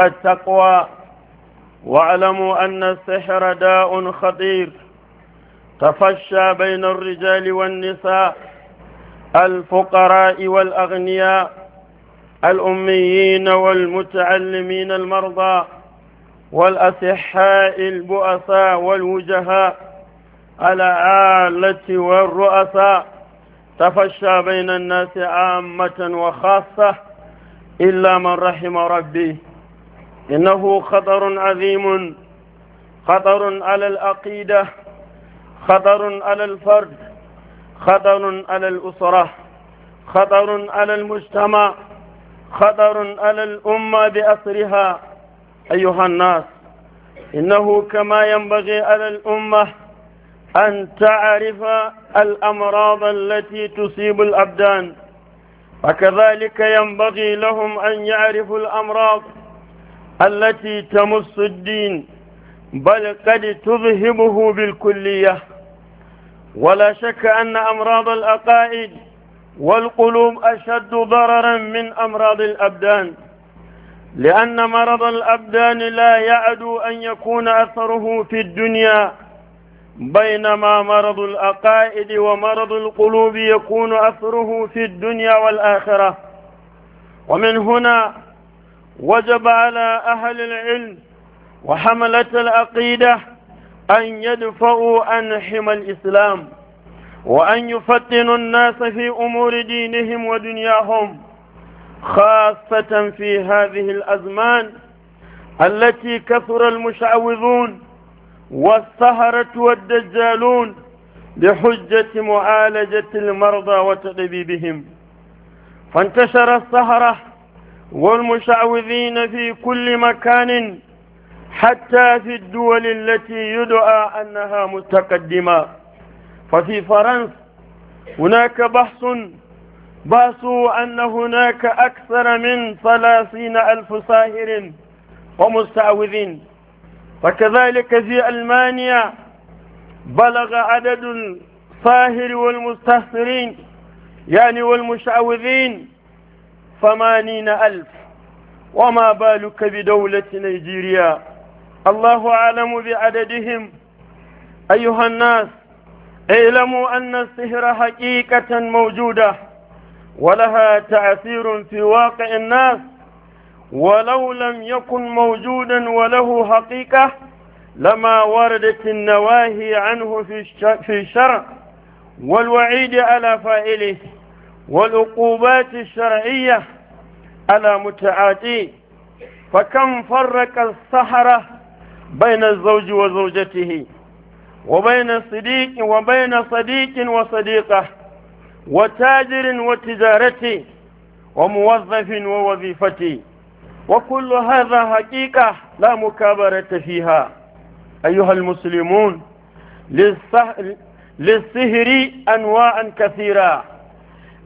التقوى واعلموا أن السحر داء خطير تفشى بين الرجال والنساء الفقراء والأغنياء الأميين والمتعلمين المرضى والأصحاء البؤساء والوجهاء العالة والرؤساء تفشى بين الناس عامة وخاصة إلا من رحم ربي إنه خطر عظيم خطر على العقيدة خطر على الفرد خطر على الأسرة خطر على المجتمع خطر على الأمة بأسرها أيها الناس إنه كما ينبغي على الأمة أن تعرف الأمراض التي تصيب الأبدان وكذلك ينبغي لهم أن يعرفوا الأمراض التي تمس الدين بل قد تذهبه بالكلية ولا شك أن أمراض الأقائد والقلوب أشد ضررا من أمراض الأبدان لأن مرض الأبدان لا يعدو أن يكون أثره في الدنيا بينما مرض الأقائد ومرض القلوب يكون أثره في الدنيا والآخرة ومن هنا وجب على أهل العلم وحملة العقيدة أن يدفعوا عن حمى الإسلام وأن يفتنوا الناس في أمور دينهم ودنياهم خاصة في هذه الأزمان التي كثر المشعوذون والسهرة والدجالون بحجة معالجة المرضى وتدبيبهم فانتشر السهرة والمشعوذين في كل مكان حتى في الدول التي يدعى أنها متقدمة ففي فرنسا هناك بحث بحثوا أن هناك أكثر من ثلاثين ألف ساهر ومستعوذين وكذلك في ألمانيا بلغ عدد الساهر والمستهسرين يعني والمشعوذين ثمانين ألف وما بالك بدولة نيجيريا الله أعلم بعددهم أيها الناس اعلموا أن السحر حقيقة موجودة ولها تأثير في واقع الناس ولو لم يكن موجودا وله حقيقة لما وردت النواهي عنه في الشرع والوعيد على فاعله والعقوبات الشرعية على متعاتي فكم فرق السحرة بين الزوج وزوجته وبين صديق وبين صديق وصديقة وتاجر وتجارتي وموظف ووظيفتي وكل هذا حقيقة لا مكابرة فيها أيها المسلمون للسهر أنواع كثيرة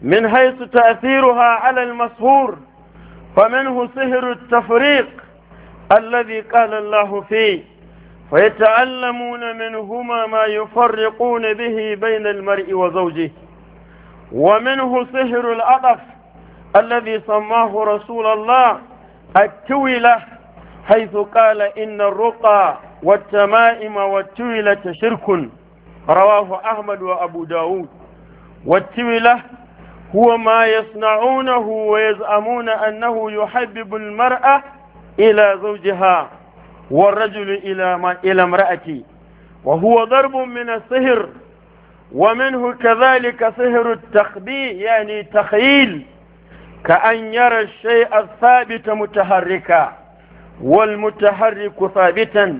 من حيث تأثيرها على المصهور فمنه سهر التفريق الذي قال الله فيه فيتعلمون منهما ما يفرقون به بين المرء وزوجه ومنه سهر الأطف الذي سماه رسول الله التويلة حيث قال إن الرقى والتمائم والتويلة شرك رواه أحمد وأبو داود والتويلة هو ما يصنعونه ويزعمون أنه يحبب المرأة إلى زوجها والرجل إلى ما إلى امرأتي وهو ضرب من السهر ومنه كذلك سهر التخبي يعني تخيل كأن يرى الشيء الثابت متحركا والمتحرك ثابتا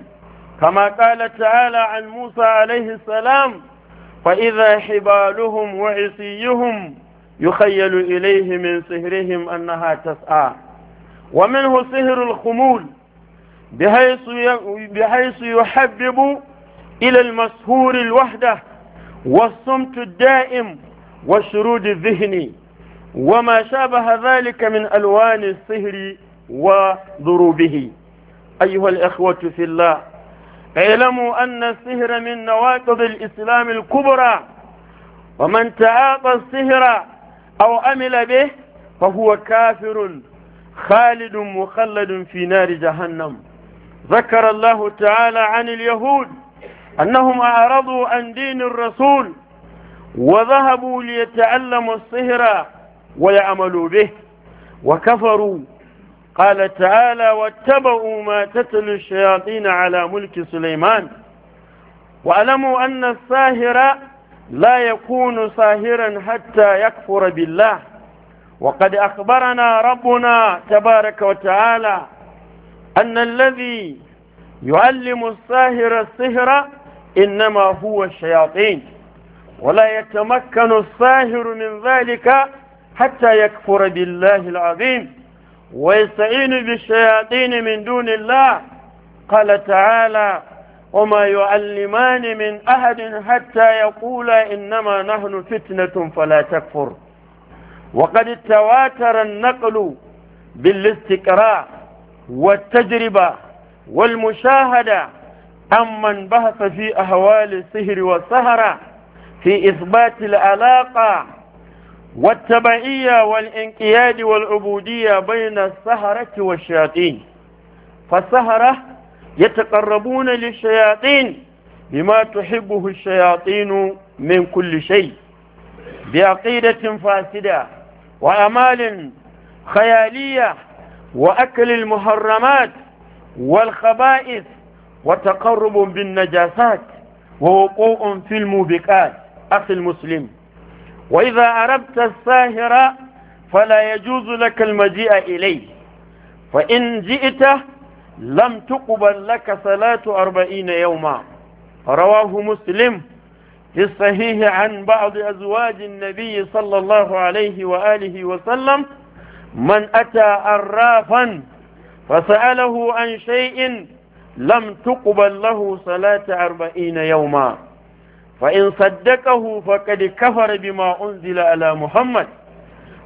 كما قال تعالى عن موسى عليه السلام فإذا حبالهم وعصيهم يخيل إليه من سهرهم أنها تسعى ومنه سهر الخمول بحيث بحيث يحبب إلى المسهور الوحدة والصمت الدائم والشرود الذهني وما شابه ذلك من ألوان السهر وضروبه أيها الإخوة في الله اعلموا أن السهر من نواقض الإسلام الكبرى ومن تعاطى السهر أو أمل به فهو كافر خالد مخلد في نار جهنم ذكر الله تعالى عن اليهود أنهم أعرضوا عن دين الرسول وذهبوا ليتعلموا الصهر ويعملوا به وكفروا قال تعالى واتبعوا ما تتلو الشياطين على ملك سليمان وألموا أن الساهر لا يكون ساهرا حتى يكفر بالله وقد أخبرنا ربنا تبارك وتعالى أن الذي يعلم الساهر السهر إنما هو الشياطين ولا يتمكن الساهر من ذلك حتى يكفر بالله العظيم ويستعين بالشياطين من دون الله قال تعالى وما يعلمان من أحد حتى يقولا إنما نحن فتنة فلا تكفر وقد تواتر النقل بالاستقراء والتجربة والمشاهدة عمن بحث في أهوال السهر والسهرة في إثبات العلاقة والتبعية والانقياد والعبودية بين السهرة والشياطين فالسهرة يتقربون للشياطين بما تحبه الشياطين من كل شيء بعقيدة فاسدة وأمال خيالية وأكل المحرمات والخبائث وتقرب بالنجاسات ووقوع في الموبقات أخي المسلم وإذا أردت الساهرة فلا يجوز لك المجيء إليه فإن جئته lam tuqbal laka salatu arba'ina yawma rawahu muslim في الصحيح عن بعض أزواج النبي صلى الله عليه وآله وسلم من أتى أرافا فسأله عن شيء لم تقبل له صلاة أربعين يوما فإن صدقه فقد كفر بما أنزل على محمد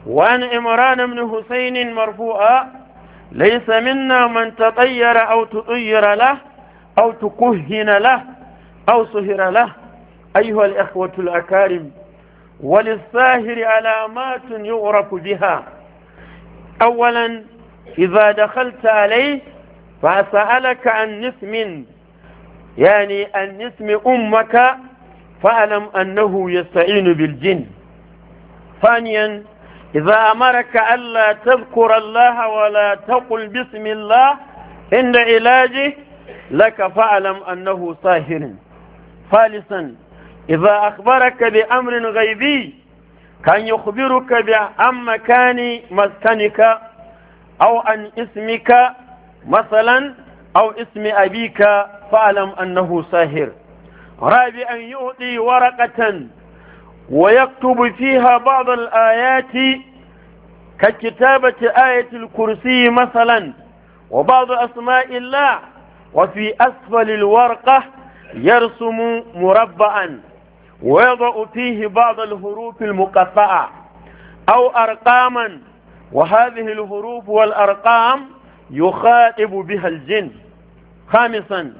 وعن عمران بن حسين مرفوعا ليس منا من تطير أو تطير له أو تكهن له أو سهر له أيها الإخوة الأكارم وللساهر علامات يغرف بها أولا إذا دخلت عليه فسألك عن نسم يعني عن نسم أمك فأعلم أنه يستعين بالجن ثانيا إذا أمرك ألا تذكر الله ولا تقل بسم الله عند علاجه لك فاعلم أنه ساهر ثالثا إذا أخبرك بأمر غيبي كان يخبرك عن مكان مسكنك أو عن اسمك مثلا أو اسم أبيك فاعلم أنه ساهر رابعا يعطي ورقة ويكتب فيها بعض الآيات ككتابة آية الكرسي مثلا وبعض أسماء الله وفي أسفل الورقة يرسم مربعا ويضع فيه بعض الحروف المقطعة أو أرقاما وهذه الحروف والأرقام يخاطب بها الجن خامسا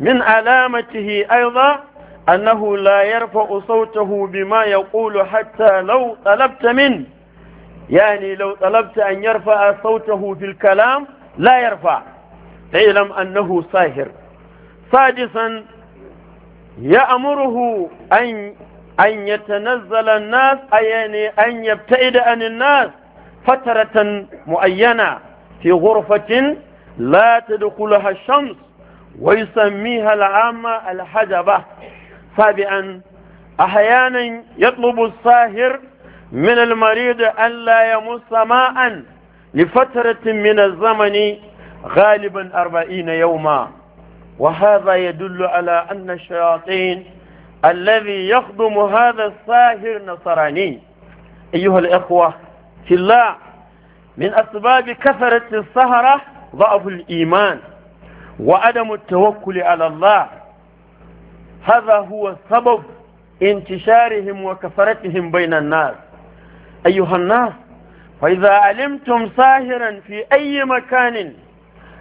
من علامته أيضا أنه لا يرفع صوته بما يقول حتى لو طلبت منه يعني لو طلبت أن يرفع صوته في الكلام لا يرفع علم أنه ساهر سادسا يأمره أن أن يتنزل الناس يعني أن يبتعد عن الناس فترة معينة في غرفة لا تدخلها الشمس ويسميها العامة الحجبة سابعا أحيانا يطلب الساهر من المريض ألا يمص ماء لفترة من الزمن غالبا أربعين يوما وهذا يدل على أن الشياطين الذي يخدم هذا الساهر نصراني أيها الإخوة في الله من أسباب كثرة السهرة ضعف الإيمان وعدم التوكل على الله هذا هو سبب انتشارهم وكثرتهم بين الناس أيها الناس فإذا علمتم ساهرا في أي مكان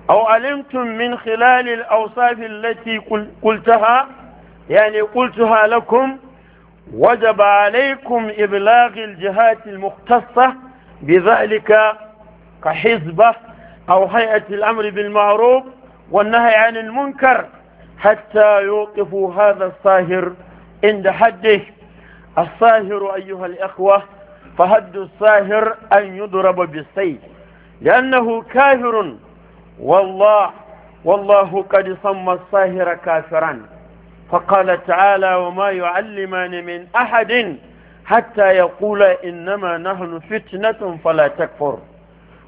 أو علمتم من خلال الأوصاف التي قلتها يعني قلتها لكم وجب عليكم إبلاغ الجهات المختصة بذلك كحزبة أو هيئة الأمر بالمعروف والنهي عن المنكر حتى يوقفوا هذا الصاهر عند حده الصاهر أيها الإخوة فهد الصاهر أن يضرب بالسيف لأنه كافر والله والله قد صم الصاهر كافرا فقال تعالى وما يعلمان من أحد حتى يقول إنما نحن فتنة فلا تكفر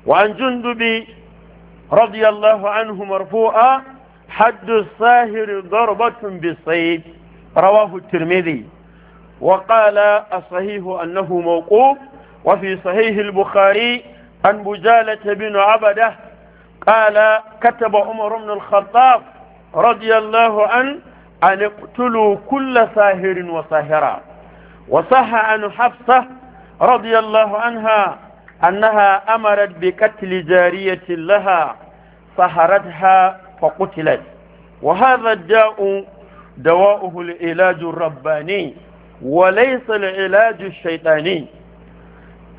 وعن جندب رضي الله عنه مرفوعا حد الساهر ضربة بالصيد رواه الترمذي وقال الصحيح أنه موقوف وفي صحيح البخاري عن بجالة بن عبده قال كتب عمر بن الخطاب رضي الله عنه أن اقتلوا كل ساهر وصاهرة وصح عن حفصة رضي الله عنها أنها أمرت بقتل جارية لها صهرتها فقتلت وهذا الداء دواؤه العلاج الرباني وليس العلاج الشيطاني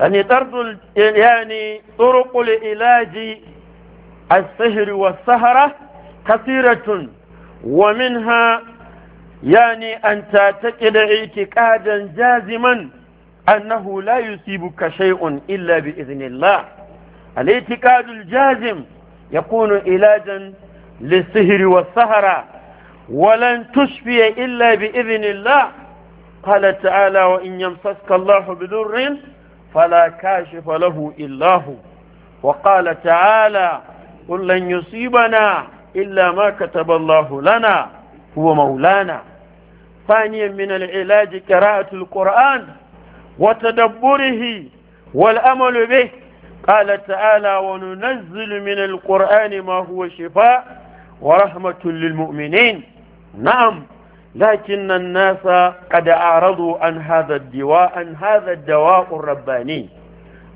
يعني طرق يعني طرق العلاج السهر والسهرة كثيرة ومنها يعني أن تعتقد اعتقادا جازما أنه لا يصيبك شيء إلا بإذن الله الاعتقاد الجازم يكون علاجا للسهر والسهرة ولن تشفي إلا بإذن الله قال تعالى وإن يمسسك الله بضر فلا كاشف له إلا هو وقال تعالى قل لن يصيبنا إلا ما كتب الله لنا هو مولانا ثانيا من العلاج قراءة القرآن وتدبره والأمل به قال تعالى وننزل من القرآن ما هو شفاء ورحمة للمؤمنين نعم لكن الناس قد أعرضوا عن هذا الدواء عن هذا الدواء الرباني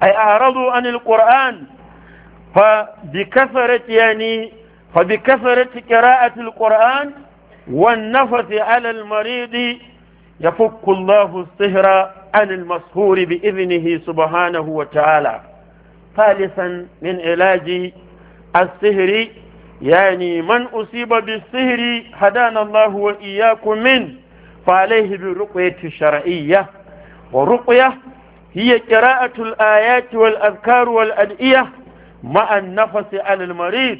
أي أعرضوا عن القرآن فبكثرة يعني فبكثرة قراءة القرآن والنفث على المريض يفك الله السهر عن المسهور بإذنه سبحانه وتعالى ثالثا من علاج السهر يعني من أصيب بالسهر هدانا الله وإياكم من فعليه بالرقية الشرعية والرقية هي قراءة الآيات والأذكار والأدئية مع النفس على المريض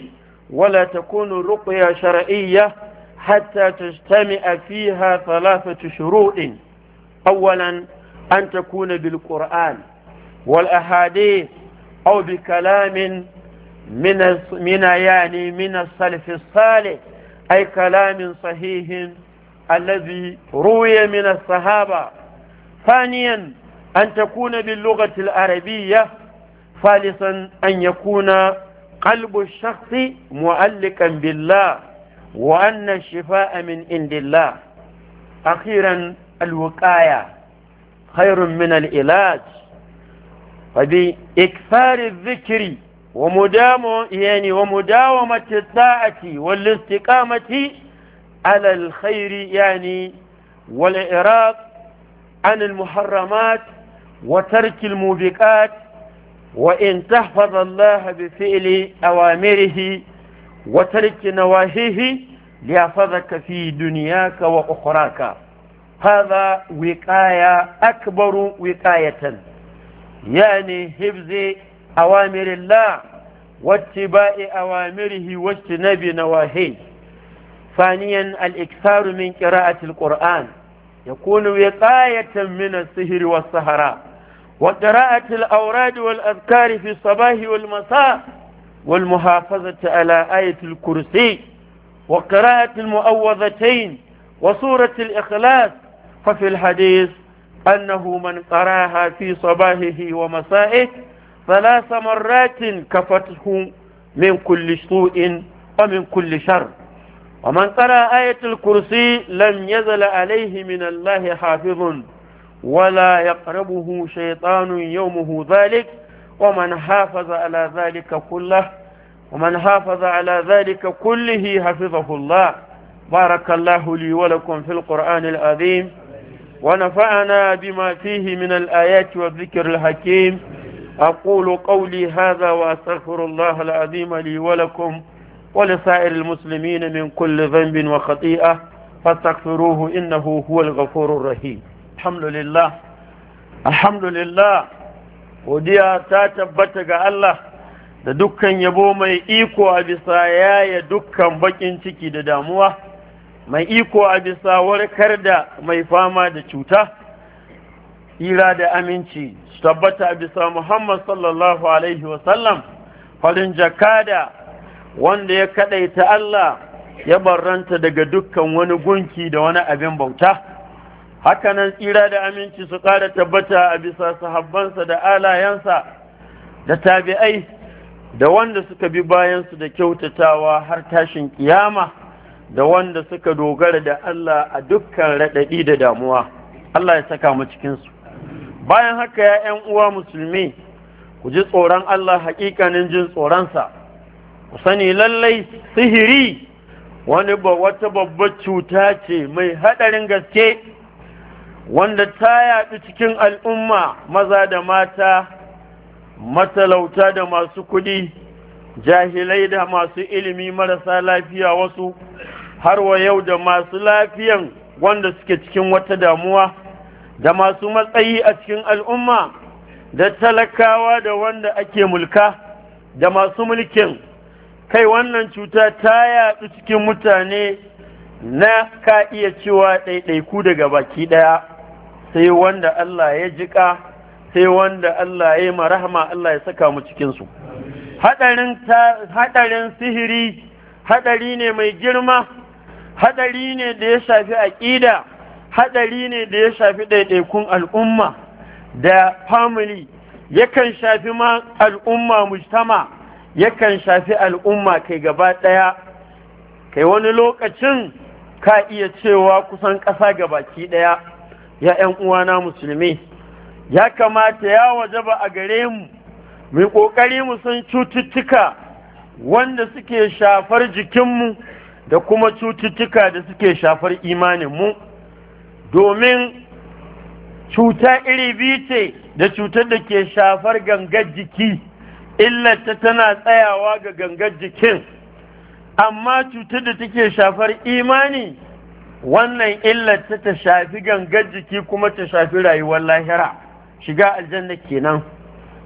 ولا تكون الرقية شرعية حتى تجتمع فيها ثلاثة شروط أولا أن تكون بالقرآن والأحاديث أو بكلام من من يعني من السلف الصالح أي كلام صحيح الذي روي من الصحابة ثانيا أن تكون باللغة العربية ثالثا أن يكون قلب الشخص معلقا بالله وأن الشفاء من عند الله أخيرا الوقاية خير من العلاج وبإكثار الذكر ومدام يعني ومداومة الطاعة والاستقامة على الخير يعني والإعراض عن المحرمات وترك الموبقات وإن تحفظ الله بفعل أوامره وترك نواهيه ليحفظك في دنياك وأخراك هذا وقاية أكبر وقاية يعني حفظ أوامر الله واتباع أوامره واجتناب نواهيه ثانيا الإكثار من قراءة القرآن يكون وقاية من السهر والسهراء وقراءة الأوراد والأذكار في الصباح والمساء والمحافظة على آية الكرسي وقراءة المؤوضتين وسورة الإخلاص ففي الحديث أنه من قراها في صباحه ومسائه ثلاث مرات كفته من كل سوء ومن كل شر ومن قرأ آية الكرسي لم يزل عليه من الله حافظ ولا يقربه شيطان يومه ذلك ومن حافظ على ذلك كله ومن حافظ على ذلك كله حفظه الله بارك الله لي ولكم في القرآن العظيم ونفعنا بما فيه من الآيات والذكر الحكيم أقول قولي هذا وأستغفر الله العظيم لي ولكم ولسائر المسلمين من كل ذنب وخطيئة فاستغفروه إنه هو الغفور الرحيم الحمد لله الحمد لله وديا تاتبتك الله da dukkan yabo mai iko a bisa yaya dukkan bakin ciki da damuwa mai iko a bisa warkar da mai fama da cuta tsira da aminci su tabbata bisa Muhammad sallallahu Alaihi wasallam farin jakada wanda ya kaɗaita Allah ya barranta daga dukkan wani gunki da wani abin bauta. Hakanan tsira da aminci su ƙara tabbata a bisa sahabbansa da alayensa da tabi'ai da wanda suka bi bayansu da kyautatawa har tashin kiyama da wanda suka dogara da Allah a dukkan raɗaɗi da damuwa. Allah ya saka mu cikinsu. bayan haka ya ‘yan uwa musulmi ku ji tsoron Allah hakikanin jin tsoronsa ku sani lallai sihiri wani ba wata babbar cuta ce mai haɗarin gaske wanda ta yaɗu cikin al'umma maza da mata matalauta da masu kuɗi jahilai da masu ilimi marasa lafiya wasu har wa yau da masu lafiyan wanda suke cikin wata damuwa. da masu matsayi a cikin al'umma da talakawa da wanda ake mulka da masu mulkin kai wannan cuta ta yaɗu cikin mutane na ka iya cewa ɗaiɗaiku daga baki ɗaya sai wanda Allah ya jiƙa sai wanda Allah ya yi marahama Allah ya saka mu cikinsu haɗarin sihiri haɗari ne mai girma haɗari ne da ya shafi aƙida haɗari ne da ya shafi ɗaiɗaikun al'umma da famili. yakan shafi ma al'umma mujtama yakan shafi al'umma kai gaba ɗaya kai wani lokacin ka iya cewa kusan ƙasa gabaki ɗaya ya ‘yan uwana musulmi ya kamata ya waje ba a gare mu mai ƙoƙari mu san cututtuka wanda suke shafar jikinmu da kuma cututtuka da suke shafar imaninmu domin cuta iri biyu ce da cutar da ke shafar gangar jiki illata tana tsayawa ga gangar jikin amma cutar da take shafar imani wannan illata ta shafi gangar jiki kuma ta shafi rayuwar lahira shiga aljanna kenan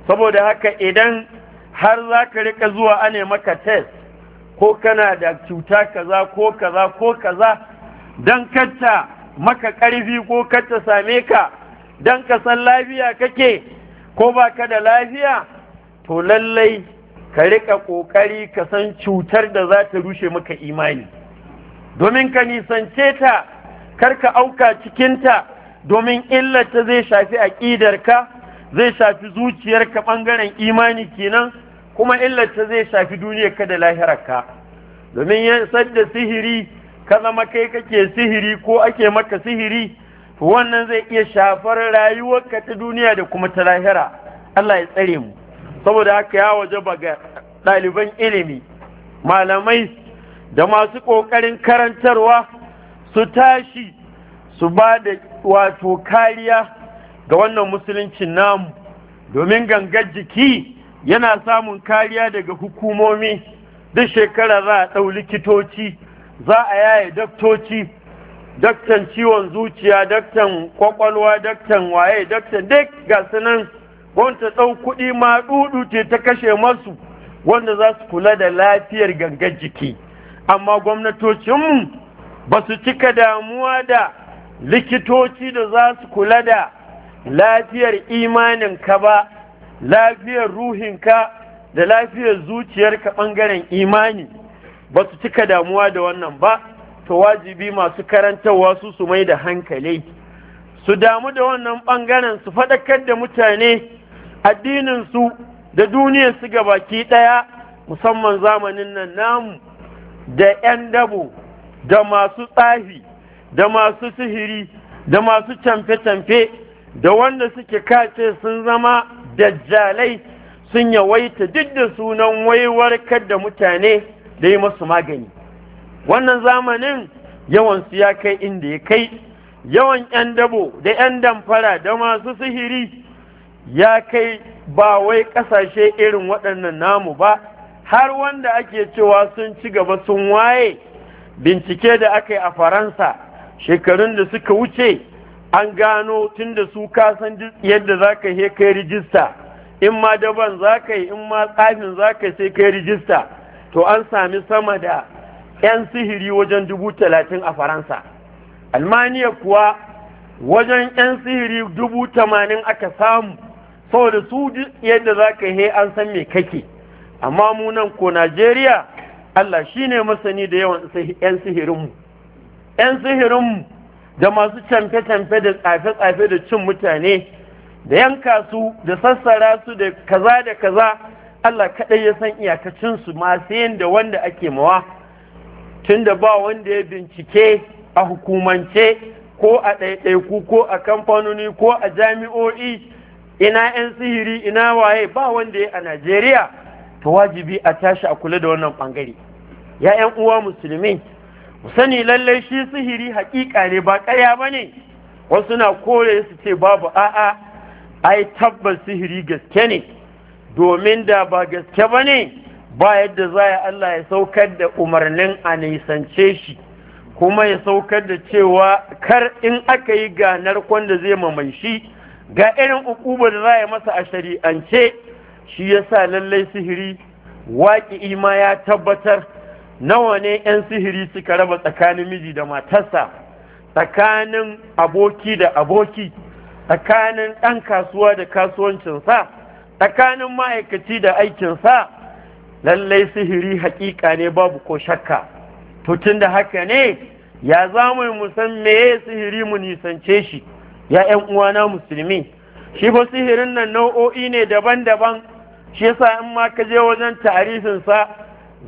saboda haka idan har za ka rika zuwa ane maka test ko kana da cuta kaza ko kaza ko kaza don kanta maka ƙarfi ko kar ta same ka don ka san lafiya kake ko ba ka da lafiya to lallai ka riƙa ƙoƙari ka san cutar da za ta rushe maka imani domin ka nisance ta kar ka auka cikinta domin illata zai shafi aƙidarka zai shafi zuciyarka ɓangaren imani kenan kuma illata zai shafi duniyarka da lahirarka domin ya da sihiri ka zama kai kake sihiri ko ake maka sihiri wannan zai iya shafar rayuwarka ta duniya da kuma ta lahira Allah ya tsare mu saboda haka ya waje ga ɗaliban ilimi malamai da masu ƙoƙarin karantarwa su tashi su ba da wato kariya ga wannan musuluncin namu domin gangar jiki yana samun kariya daga hukumomi duk shekara za a ɗau likitoci za a yaye daktoci daktan ciwon zuciya daktan kwakwalwa daktan waye daktan duk ga nan wanda ɗau kuɗi ma ɗuɗu ce ta kashe masu wanda za su kula da lafiyar gangar jiki amma gwamnatocinmu ba su cika damuwa da likitoci da za su kula da lafiyar imaninka ba lafiyar ruhinka da lafiyar zuciyarka ɓangaren imani ba su cika damuwa da wannan ba to wajibi masu karantarwa su su mai da hankali su damu da wannan ɓangaren su faɗakar da mutane addininsu da su ga baki ɗaya musamman zamanin nan namu da 'yan dabo da masu tsafi da masu sihiri da masu camfe-camfe da wanda suke kace sun zama dajjalai sun yawaita duk da sunan waiwarkar da mutane da yi masu magani wannan zamanin yawansu ya kai inda ya kai yawan 'yan dabo da 'yan damfara da masu sihiri ya kai ba wai ƙasashe irin waɗannan namu ba har wanda ake cewa sun ci gaba sun waye bincike da aka yi a faransa shekarun da suka wuce an gano tun da su kasan yadda za ka yi kai rijista in ma daban za ka yi in ma tsafin za ka sai kai rijista to an sami sama da 'yan sihiri wajen dubu talatin a faransa almaniya kuwa wajen 'yan sihiri dubu tamanin aka samu saboda su yadda za ka he an san me kake amma mu nan ko najeriya allah shi ne masani da yawan 'yan sihirinmu 'yan sihirinmu da masu canfe-canfe da tsafe-tsafe da cin mutane da yanka su da sassara su da kaza da kaza Allah kaɗai ya san iyakacinsu masu yin wanda ake mawa tunda ba wanda ya bincike a hukumance ko a ɗaiɗaiku ko a kamfanoni ko a jami'o'i ina 'yan sihiri ina waye ba wanda ya a Najeriya ta wajibi a tashi a kula da wannan ɓangare ya 'yan uwa musulmi sani lallai shi sihiri haƙiƙa ne ba ƙarya ba ne wasu na kore su ce babu a'a ai tabbas sihiri gaske ne domin da ba gaske ba ne ba yadda za a Allah ya saukar da umarnin a nisance shi kuma ya saukar da cewa kar in aka yi ganar kwanda zai mamai shi ga irin ukuba da za a yi masa a shari'ance shi ya sa lallai sihiri waƙi ima ya tabbatar nawa ne 'yan sihiri suka raba tsakanin miji da matarsa tsakanin aboki da aboki tsakanin ɗan kasuwa da kasuwancinsa tsakanin ma'aikaci da aikinsa lallai sihiri hakika ne babu ko shakka to da haka ne ya za mu san meye sihiri mu nisance shi ya ‘yan uwana musulmi shi fa sihirin nan nau'o'i ne daban-daban shi yasa in ma ka je wajen tarifinsa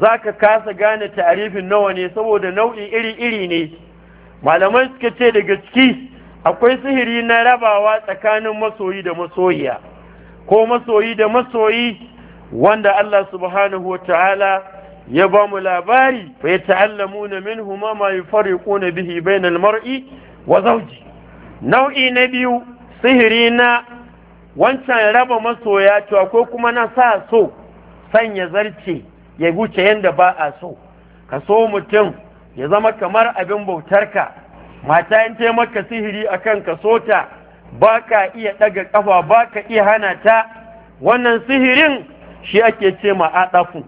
za ka kasa gane tarifin nawa ne saboda nau'i iri-iri ne Malamai suka ce daga ciki akwai sihiri na rabawa tsakanin masoyi da masoyiya ko masoyi da masoyi wanda Allah subhanahu wa ta'ala ya ba mu labari fa min minhu ma ma yufariquna bihi bainal mar'i wa zawji nau'i na biyu sihiri na wancan raba masoya to ko kuma na sa so sanya zarce ya wuce yanda ba a so ka so mutum ya zama kamar abin bautarka mata in taimaka sihiri akan ka ta. ba ka iya ɗaga ƙafa ba ka iya hana ta wannan sihirin shi ake ce ma aɗafu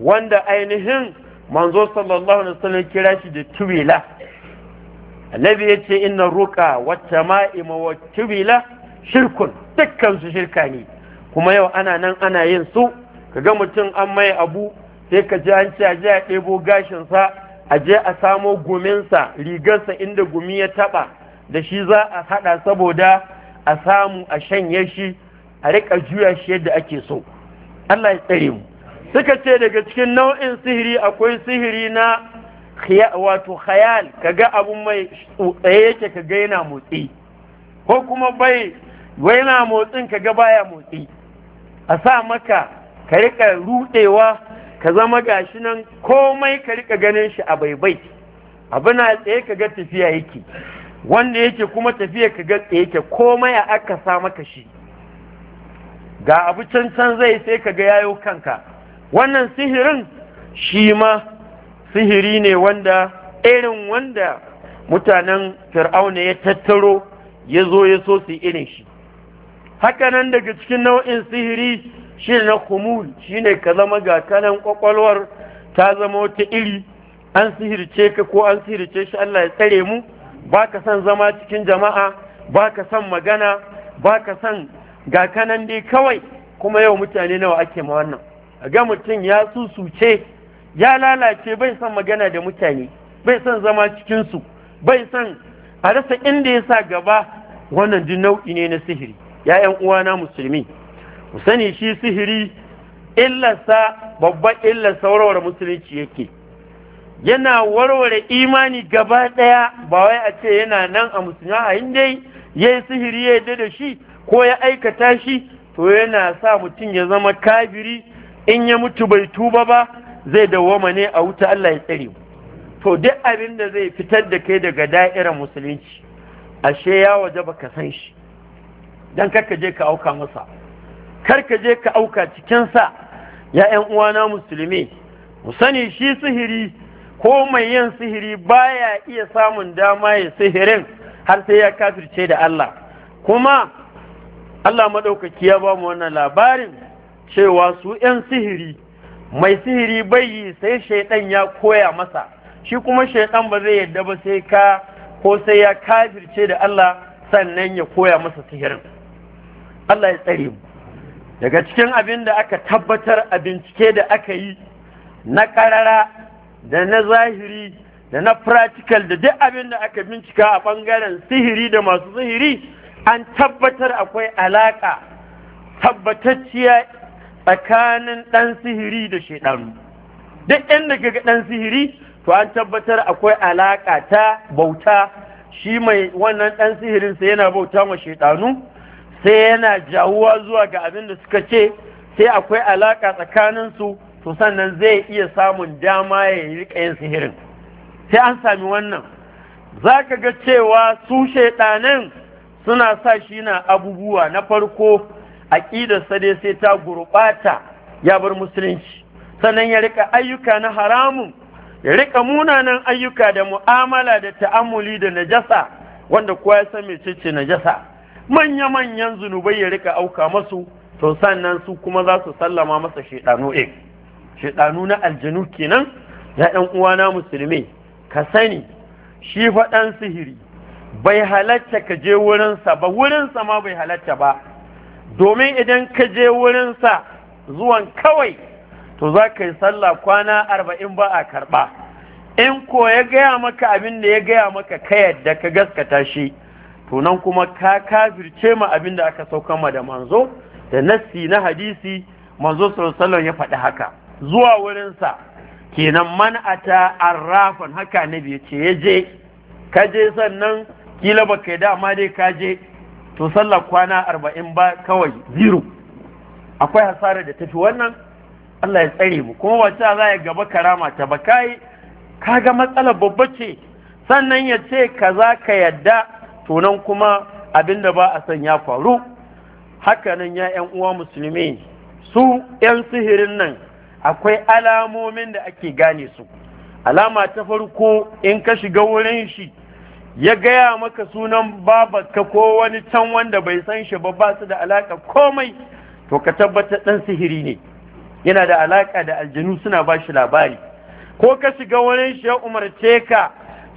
wanda ainihin manzo sallallahu alaihi wasallam kira shi da tuwila annabi ya ce inna ruka wata ma'ima wa tuwila shirkun dukkan su shirka ne kuma yau ana nan ana yin su kaga mutum an mai abu sai ka ji an ce a a ɗebo gashinsa a je a samo guminsa rigarsa inda gumi ya taɓa da shi za a haɗa saboda a samu a shanye shi a riƙa juya shi yadda ake so Allah ya tsare mu suka ce daga cikin nau'in sihiri akwai sihiri na wato khayal kaga abu mai tsaye yake kaga yana motsi ko kuma bai yana motsin kaga baya motsi a sa maka ka rika rudewa ka zama gashi nan komai ka rika ganin shi a baibai abu na tsaye kaga tafiya yake wanda yake kuma tafiya ka gatsa yake komai a aka sa maka shi ga abu can can zai sai ka ga yayo kanka wannan sihirin shi ma sihiri ne wanda irin wanda mutanen fir'auna ya tattaro ya zo ya so su irin shi hakanan daga cikin nau'in sihiri shi na kumul shi ne ka zama ga kanan kwakwalwar ta zama wata iri an sihirce ka ko an sihirce shi Allah ya tsare mu ba ka son zama cikin jama'a ba ka son magana ba ka son ga kanan dai kawai kuma yau mutane nawa ake ma wannan A ga mutum ya susuce ya lalace bai san magana da mutane bai son zama cikinsu bai son a rasa inda ya sa gaba wannan duk nau'i ne na sihiri ya uwana musulmi ku sani shi sihiri illarsa babban illar saurawar musulunci yake yana warware imani gaba ɗaya ba wai a ce yana nan a musulmi a dai ya yi sihiri ya yi da shi ko ya aikata shi to yana sa mutum ya zama kabiri in ya mutu bai tuba ba zai dawwama ne a wuta Allah ya tsare to duk abin da zai fitar da kai daga da'irar musulunci ashe ya waje baka san shi dan karka je ka auka masa karka je ka auka cikin sa ya 'yan uwana musulmi mu sani shi sihiri ko mai yin sihiri baya iya samun dama ya sihirin har sai ya kafirce da Allah kuma Allah maɗaukaki ya ba mu wannan labarin cewa su ‘yan sihiri mai sihiri bai yi sai shaidan ya koya masa shi kuma shaidan ba zai yadda ba sai ka ko sai ya kafirce da Allah sannan ya koya masa sihirin Allah ya tsare mu daga cikin abin da aka tabbatar a bincike da aka yi na ƙarara da na zahiri da na practical da duk abin da aka bincika a ɓangaren sihiri da masu sihiri an tabbatar akwai alaƙa tabbatacciya tsakanin ɗan sihiri da shaiɗanu duk inda kaga ɗan sihiri to an tabbatar akwai alaƙa ta bauta shi mai wannan ɗan sai yana bauta ma shaiɗanu sai yana jawuwa zuwa ga abin da suka ce sai akwai alaƙa tsakaninsu to sannan zai iya samun dama ya yi yin sihirin sai an sami wannan za ka ga cewa su shaiɗanan suna sa shi na abubuwa na farko a dai sai ta gurɓata ya bar musulunci sannan ya rika ayyuka na haramun ya rika munanan ayyuka da mu'amala da ta'amuli da najasa wanda kowa ya san mecece najasa manya-manyan zunubai ya rika auka masu to sannan su kuma za su sallama masa shaidanu shaɗanu na aljanu kenan ya ɗan uwana musulmi ka sani shi faɗan sihiri bai halatta ka je wurinsa ba wurinsa ma bai halatta ba domin idan ka je wurinsa zuwan kawai to za ka yi sallah kwana arba'in ba a karɓa in ko ya gaya maka abin da ya gaya maka ka yadda ka gaskata shi to nan kuma ka kafirce ma abin da aka saukan ma da manzo da nassi na hadisi manzo sallallahu ya faɗi haka zuwa wurinsa kenan a ata arrafan haka na biyu ce ya je ka je sannan kila ba kai dama dai ka je to sallar kwana arba'in ba kawai zero akwai hasarar da tafi wannan Allah ya tsare mu kuma wata za ya gaba karama ta ba kai ga matsalar babba ce sannan ya ce kaza ka yadda to nan kuma abinda ba a san ya faru Haka nan ya yan uwa musulmi su yan sihirin nan akwai alamomin da ake gane su alama ta farko in ka shiga wurin shi ya gaya maka sunan babarka ko wani can wanda bai san shi ba basu su da alaka komai to ka tabbatar ɗan sihiri ne yana da alaka da aljanu suna ba shi labari ko ka shiga wurin shi ya umarce ka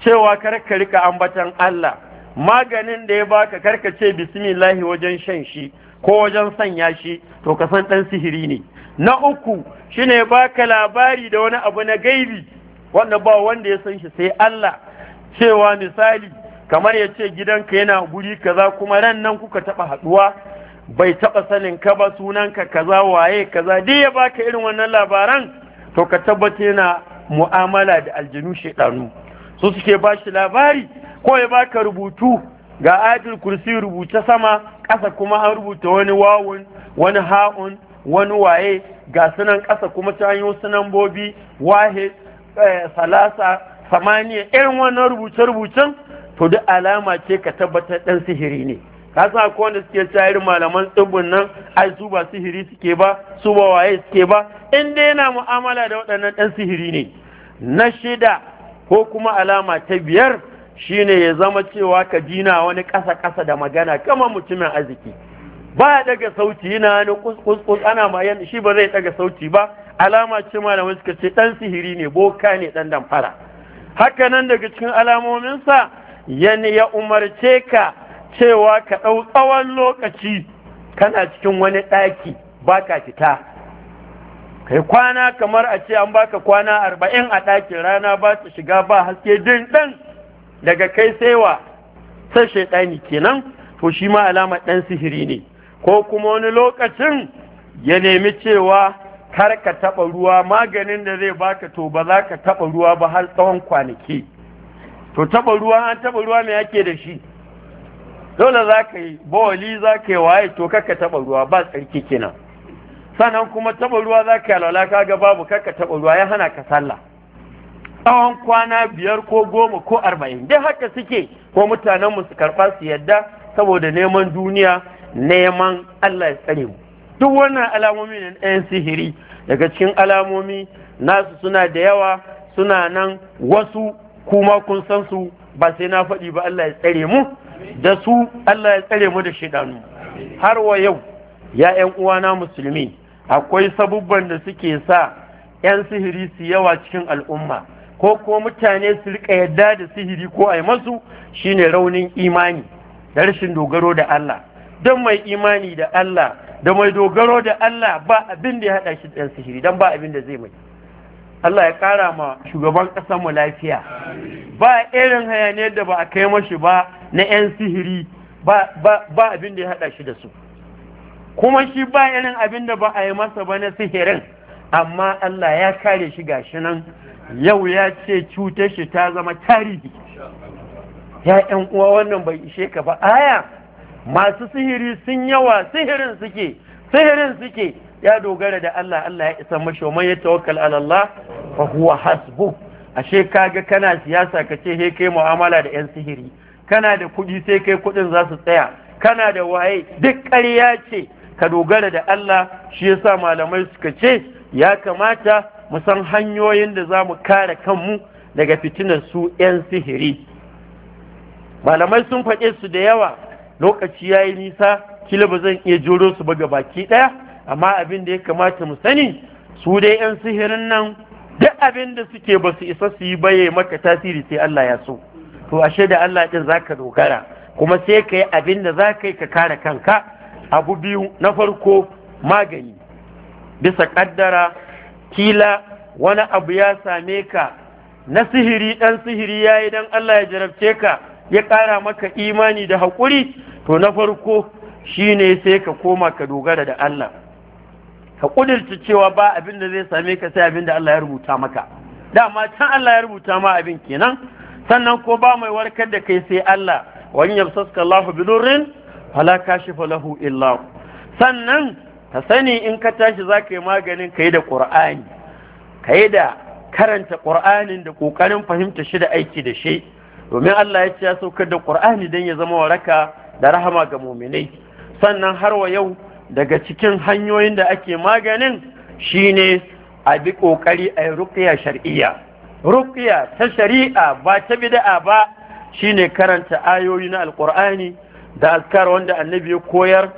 cewa kar ka rika ambatan Allah maganin da ya baka karka ce bismillahi wajen shan shi ko wajen sanya shi to ka san ɗan sihiri ne na uku shine baka labari da wani abu na gaibi wanda ba wanda ya san shi sai Allah cewa misali kamar ya ce gidanka yana guri kaza kuma ran nan kuka taba haduwa bai taba sanin ka ba sunanka kaza waye kaza dai ya baka irin wannan labaran to ka tabbata yana mu'amala da aljinu shaidanu su suke ba shi labari ko ya baka rubutu ga adil kursi rubuce sama ƙasa kuma an rubuta wani wawun wani ha'un wani waye ga sunan ƙasa kuma ta hanyar sunan bobi wahe eh, salasa samaniya irin wannan rubuce-rubucen to duk alama ce ka tabbatar ɗan sihiri ne ka sa ko wanda suke tayar malaman tsibbin nan ai su ba sihiri suke ba su ba waye suke ba in dai yana mu'amala da waɗannan ɗan sihiri ne na shida ko kuma alama ta biyar shine ya zama cewa ka dina wani ƙasa-ƙasa da magana kamar mutumin arziki ba daga sauti yana ni kuskus ana mayan shi ba zai daga sauti ba alama ce malamai suka ce dan sihiri ne boka ne dan damfara haka nan daga cikin alamominsa yana ya umarce ka cewa ka ɗau tsawon lokaci kana cikin wani ɗaki baka fita kai kwana kamar a ce an baka kwana arba'in a ɗakin rana ba ta shiga ba haske din ɗan daga kai saiwa sai shaiɗani kenan to shi ma alama ɗan sihiri ne ko kuma wani lokacin ya nemi cewa kar ka taɓa ruwa maganin da zai baka to ba za ka taɓa ruwa ba har tsawon kwanaki to taɓa ruwa an taɓa ruwa me ake da shi dole za ka yi bawali za ka yi waye to kaka taɓa ruwa ba tsarki kenan sannan kuma taɓa ruwa za ka yi alwala ga babu kaka taɓa ruwa ya hana ka sallah tsawon kwana biyar ko goma ko arba'in dai haka suke ko mutanen mu su karɓa su yadda saboda neman duniya neman Allah ya tsare mu duk wannan alamomi ne na yan sihiri daga cikin alamomi nasu suna da yawa suna nan wasu kuma kun san su ba sai na faɗi ba Allah ya tsare mu da su Allah ya tsare mu da shidanu har wa yau ya ƴan uwana musulmi akwai sabubban da suke sa ƴan sihiri su yawa cikin al'umma ko ko mutane su rika yadda da sihiri ko a yi masu shine raunin imani da rashin dogaro da Allah don mai imani da Allah da mai dogaro da Allah ba abin da ya haɗa shi ɗan sihiri don ba abin da zai mai Allah ya ƙara ma shugaban ƙasarmu lafiya ba irin hayaniyar da ba a kai mashi ba na 'yan sihiri ba abin da ya haɗa shi da su kuma shi ba irin abin da ba a yi masa ba na sihirin amma Allah ya kare shi gashi nan yau ya ce cutar shi ta zama tarihi ya ‘yan uwa wannan bai ishe ka ba aya masu sihiri sun yawa sihirin suke sihirin suke ya dogara da Allah Allah ya isa mashi wa ya tawakkal ala Allah fa huwa hasbu ashe kaga kana siyasa ka ce he kai mu'amala da yan sihiri kana da kuɗi sai kai kuɗin za su tsaya kana da waye duk ƙarya ce ka dogara da Allah shi yasa malamai suka ce ya kamata mu san hanyoyin da za mu kare kanmu daga fitinar su yan sihiri malamai sun faɗe su da yawa lokaci ya yi nisa kila ba zan iya joro su ba baki ɗaya amma abin da ya kamata mu sani su dai 'yan sihirin nan duk abin da suke ba su isa su yi baye maka tasiri sai Allah ya so to ashe da Allah ɗin zaka dogara kuma sai ka yi abin da za ka yi ka kare kanka abu biyu na farko magani bisa ƙaddara kila wani abu ya same ka na sihiri ɗan sihiri ya yi don Allah ya jarabce ka ya ƙara maka imani da haƙuri to na farko shine sai ka koma ka dogara da Allah ka ƙudurta cewa ba abin da zai same ka sai abin da Allah ya rubuta maka dama can Allah ya rubuta ma abin kenan sannan ko ba mai warkar da kai sai Allah wani yamsaska Allahu bidurrin fala kashifa lahu illa sannan ka sani in ka tashi za ka yi maganin ka da ƙur'ani ka da karanta ƙur'anin da ƙoƙarin fahimta shi da aiki da shi domin Allah ya ce ya saukar da Qur'ani don ya zama waraka da rahama ga muminai sannan har wa yau daga cikin hanyoyin da ake maganin shine a bi kokari a yi ruqya shar'iyya ruqya ta shari'a ba ta bid'a ba shine karanta ayoyi na alqur'ani da azkar wanda annabi ya koyar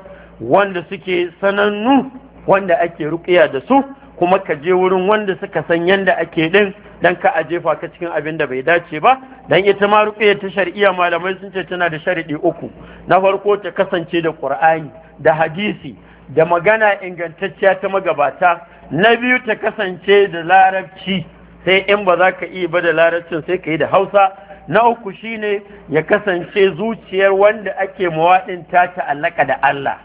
wanda suke sanannu wanda ake ruqya da su kuma ka je wurin wanda suka san yanda ake din dan ka a jefa ka cikin abin da bai dace ba dan ita ma ruqiyya ta shar'iyya malamai sun ce tana da sharidi uku na farko ta kasance da qur'ani da hadisi da magana ingantacciya ta magabata na biyu ta kasance da larabci sai in ba za ka iya ba da larabcin sai ka yi da hausa na uku shine ya kasance zuciyar wanda ake mawaɗin ta ta'allaka da Allah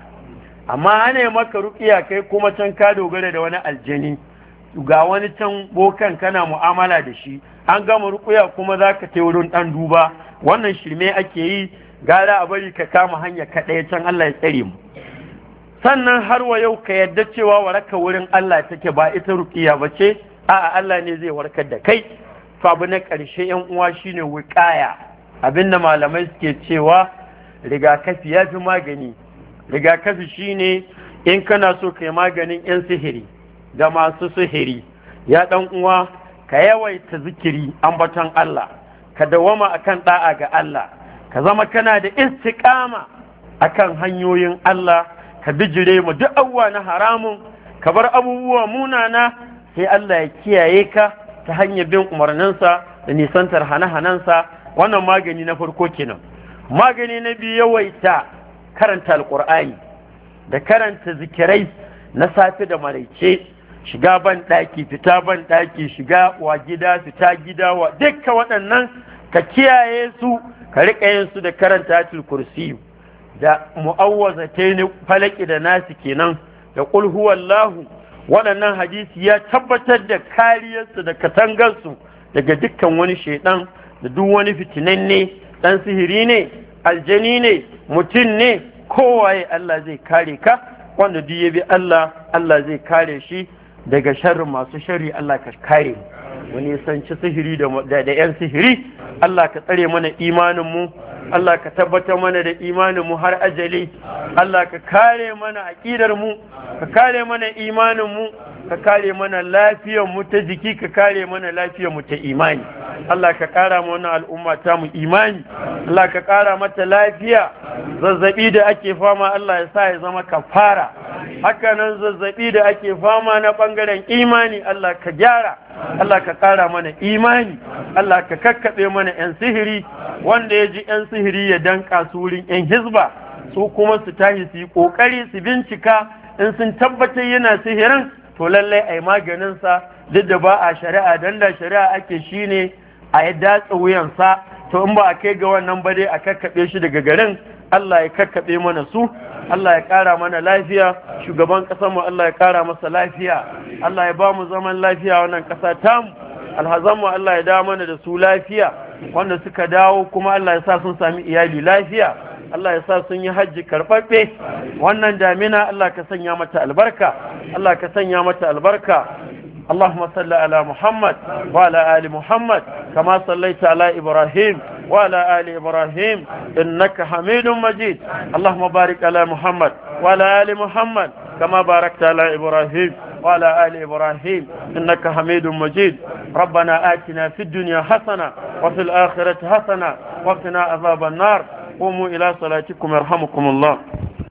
amma ne maka rukiya kai kuma can ka dogara da wani aljini ga wani can bokan kana mu'amala da shi an gama rukuya kuma za ka ta wurin ɗan duba wannan shirme ake yi gara a bari ka kama hanya kaɗai, can Allah ya tsare mu sannan har wa yau ka yadda cewa waraka wurin Allah take ba ita rukiya ba ce a'a Allah ne zai warkar da kai fabu na ƙarshe yan uwa shine Abin abinda malamai suke cewa rigakafi ya fi magani rigakafi shine in kana so ka yi maganin yan sihiri Da masu sihiri ya ɗan uwa ka yawaita zikiri ambaton Allah ka dawama akan ɗa'a ga Allah ka zama kana da istiƙama akan hanyoyin Allah ka bijire mu duk abubuwa na haramun ka bar abubuwa munana sai Allah ya kiyaye ka ta hanyar bin umarninsa da nisantar hane-hanensa wannan magani na farko kenan magani na biyu yawaita karanta Alƙur'ani da karanta zikirai na safe da maraice shiga ban ɗaki fita ban ɗaki shiga wa gida fita gida wa dukkan waɗannan ka kiyaye su ka riƙa yin su da karanta kursi da yi falaki da nasi kenan da ƙulhuwallahu huwallahu waɗannan hadisi ya tabbatar da kariyarsu da katangarsu daga dukkan wani shaidan da duk wani ne, ɗan sihiri ne aljani ne mutum ne kowaye Allah zai kare ka wanda duk ya bi Allah Allah zai kare shi daga sharrin masu shari Allah ka kare mu wani sanci sihiri da da yan sihiri Allah ka tsare mana imanin mu Allah ka tabbatar mana da imanin mu har ajali Allah ka kare mana aqidar mu ka kare mana imanin mu ka kare mana lafiyar mu ta jiki ka kare mana lafiyar mu ta imani Allah ka kara mana wannan al'umma ta mu imani Allah ka kara mata lafiya zazzabi da ake fama Allah ya sa ya zama kafara haka nan zazzabi da ake fama na bangaren imani Allah ka gyara Allah ka kara mana imani Allah ka kakkabe mana yan sihiri wanda ya ji 'yan sihiri ya danka su 'yan hizba su kuma su tashi su yi ƙoƙari su bincika in sun tabbatar yana sihirin to lallai a yi maganinsa duk da ba a shari'a don da shari'a ake shi ne a yi datsa wuyansa to in ba a kai ga wannan ba dai a kakkaɓe shi daga garin Allah ya kakkaɓe mana su Allah ya ƙara mana lafiya shugaban ƙasarmu Allah ya ƙara masa lafiya Allah ya ba mu zaman lafiya wannan ƙasa tamu alhazanmu Allah ya da mana da su lafiya wanda suka dawo kuma Allah ya sa sun sami iyali lafiya Allah ya sa sun yi hajji karɓaɓɓe wannan damina Allah ka sanya mata albarka Allah ka sanya mata albarka اللهم صل على محمد وعلى ali محمد kama صليت على Ibrahim. وعلى آل إبراهيم إنك حميد مجيد اللهم بارك على محمد وعلى آل محمد كما باركت على إبراهيم وعلى آل إبراهيم إنك حميد مجيد ربنا آتنا في الدنيا حسنة وفي الآخرة حسنة وقنا عذاب النار قوموا إلى صلاتكم يرحمكم الله